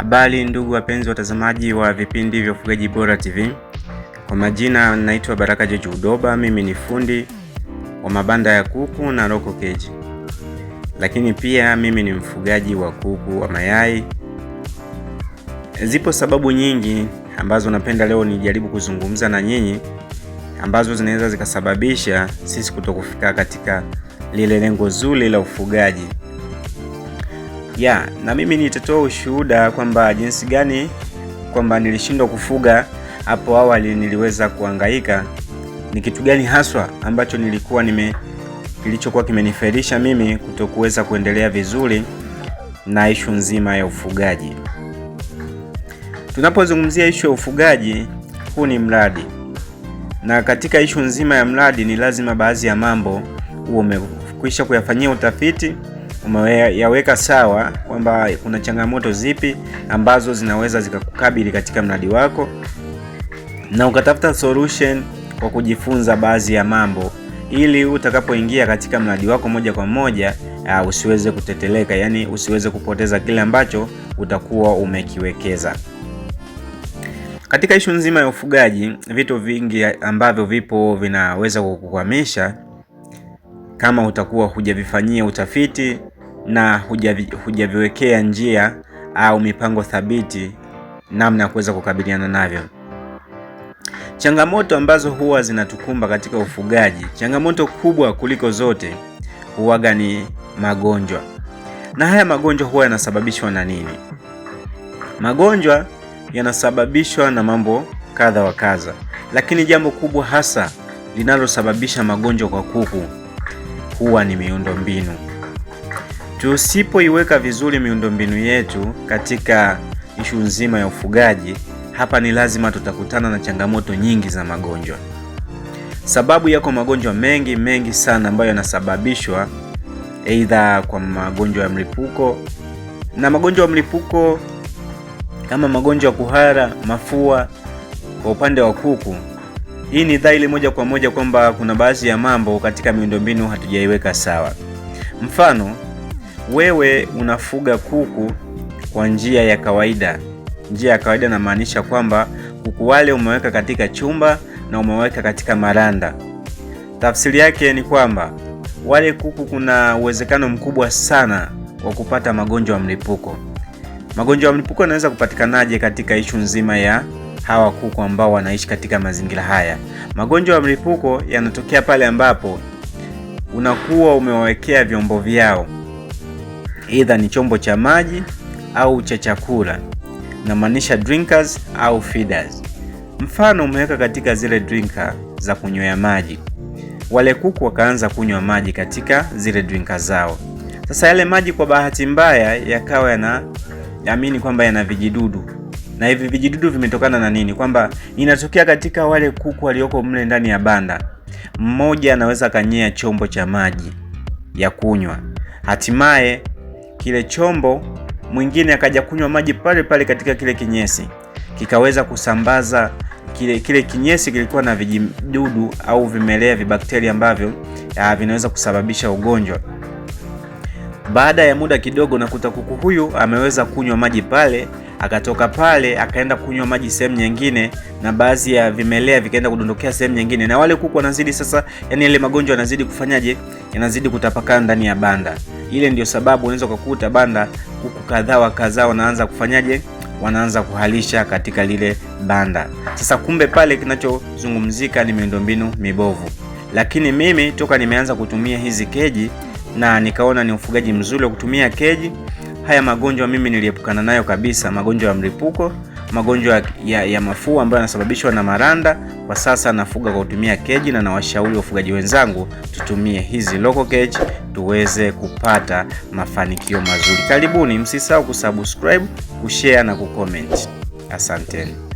Habari ndugu wapenzi watazamaji wa vipindi vya ufugaji bora TV. Kwa majina naitwa Baraka Jeje Udoba, mimi ni fundi wa mabanda ya kuku na roko keji, lakini pia mimi ni mfugaji wa kuku wa mayai. Zipo sababu nyingi ambazo napenda leo nijaribu kuzungumza na nyinyi ambazo zinaweza zikasababisha sisi kutokufika katika lile lengo zuri la ufugaji ya na mimi nitatoa ushuhuda kwamba jinsi gani kwamba nilishindwa kufuga hapo awali, niliweza kuangaika ni kitu gani haswa ambacho nilikuwa nime kilichokuwa kimenifaidisha mimi kutokuweza kuendelea vizuri na ishu nzima ya ufugaji. Tunapozungumzia ishu ya ufugaji, huu ni mradi, na katika ishu nzima ya mradi ni lazima baadhi ya mambo huo umekwisha kuyafanyia utafiti umeyaweka sawa kwamba kuna changamoto zipi ambazo zinaweza zikakukabili katika mradi wako, na ukatafuta solution kwa kujifunza baadhi ya mambo ili utakapoingia katika mradi wako moja kwa moja uh, usiweze kuteteleka, yani usiweze kupoteza kile ambacho utakuwa umekiwekeza. Katika ishu nzima ya ufugaji, vitu vingi ambavyo vipo vinaweza kukukwamisha kama utakuwa hujavifanyia utafiti na hujaviwekea njia au mipango thabiti namna ya kuweza kukabiliana navyo. Changamoto ambazo huwa zinatukumba katika ufugaji, changamoto kubwa kuliko zote huwaga ni magonjwa. Na haya magonjwa huwa yanasababishwa na nini? Magonjwa yanasababishwa na mambo kadha wa kadha, lakini jambo kubwa hasa linalosababisha magonjwa kwa kuku huwa ni miundo mbinu. Tusipoiweka vizuri miundombinu yetu katika ishu nzima ya ufugaji, hapa ni lazima tutakutana na changamoto nyingi za magonjwa. Sababu yako magonjwa mengi mengi sana ambayo yanasababishwa aidha kwa magonjwa ya mlipuko na magonjwa ya mlipuko kama magonjwa ya kuhara, mafua. Kwa upande wa kuku, hii ni dhahiri moja kwa moja kwamba kuna baadhi ya mambo katika miundombinu hatujaiweka sawa. Mfano, wewe unafuga kuku kwa njia ya kawaida. Njia ya kawaida inamaanisha kwamba kuku wale umeweka katika chumba na umeweka katika maranda. Tafsiri yake ni kwamba wale kuku kuna uwezekano mkubwa sana wa kupata magonjwa ya mlipuko. Magonjwa ya mlipuko yanaweza kupatikanaje katika ishu nzima ya hawa kuku ambao wanaishi katika mazingira haya? Magonjwa ya mlipuko yanatokea pale ambapo unakuwa umewawekea vyombo vyao Either ni chombo cha maji au cha chakula, namaanisha drinkers au feeders. Mfano, umeweka katika zile drinker za kunywea maji, wale kuku wakaanza kunywa maji katika zile drinker zao. Sasa yale maji kwa bahati mbaya yakawa yana amini kwamba yana vijidudu, na hivi vijidudu vimetokana na nini? Kwamba inatokea katika wale kuku walioko mle ndani ya banda, mmoja anaweza akanyea chombo cha maji ya kunywa, hatimaye kile chombo, mwingine akaja kunywa maji pale pale katika kile kinyesi, kikaweza kusambaza kile, kile kinyesi kilikuwa na vijidudu au vimelea vibakteria ambavyo vinaweza kusababisha ugonjwa. Baada ya muda kidogo, nakuta kuku huyu ameweza kunywa maji pale Akatoka pale akaenda kunywa maji sehemu nyingine, na baadhi ya vimelea vikaenda kudondokea sehemu nyingine, na wale kuku wanazidi sasa, yani ile magonjwa yanazidi kufanyaje, yanazidi kutapakaa ndani ya banda. Ile ndio sababu unaweza kukuta banda kuku kadhaa wa kadhaa wanaanza kufanyaje, wanaanza kuhalisha katika lile banda. Sasa kumbe pale kinachozungumzika ni miundombinu mibovu. Lakini mimi toka nimeanza kutumia hizi keji na nikaona ni ufugaji mzuri wa kutumia keji haya magonjwa mimi niliepukana nayo kabisa, magonjwa ya mlipuko, magonjwa ya, ya mafua ambayo yanasababishwa na maranda. Kwa sasa nafuga kwa kutumia keji, na nawashauri wafugaji wenzangu tutumie hizi local keji tuweze kupata mafanikio mazuri. Karibuni, msisahau kusubscribe, kushare na kucomment. Asanteni.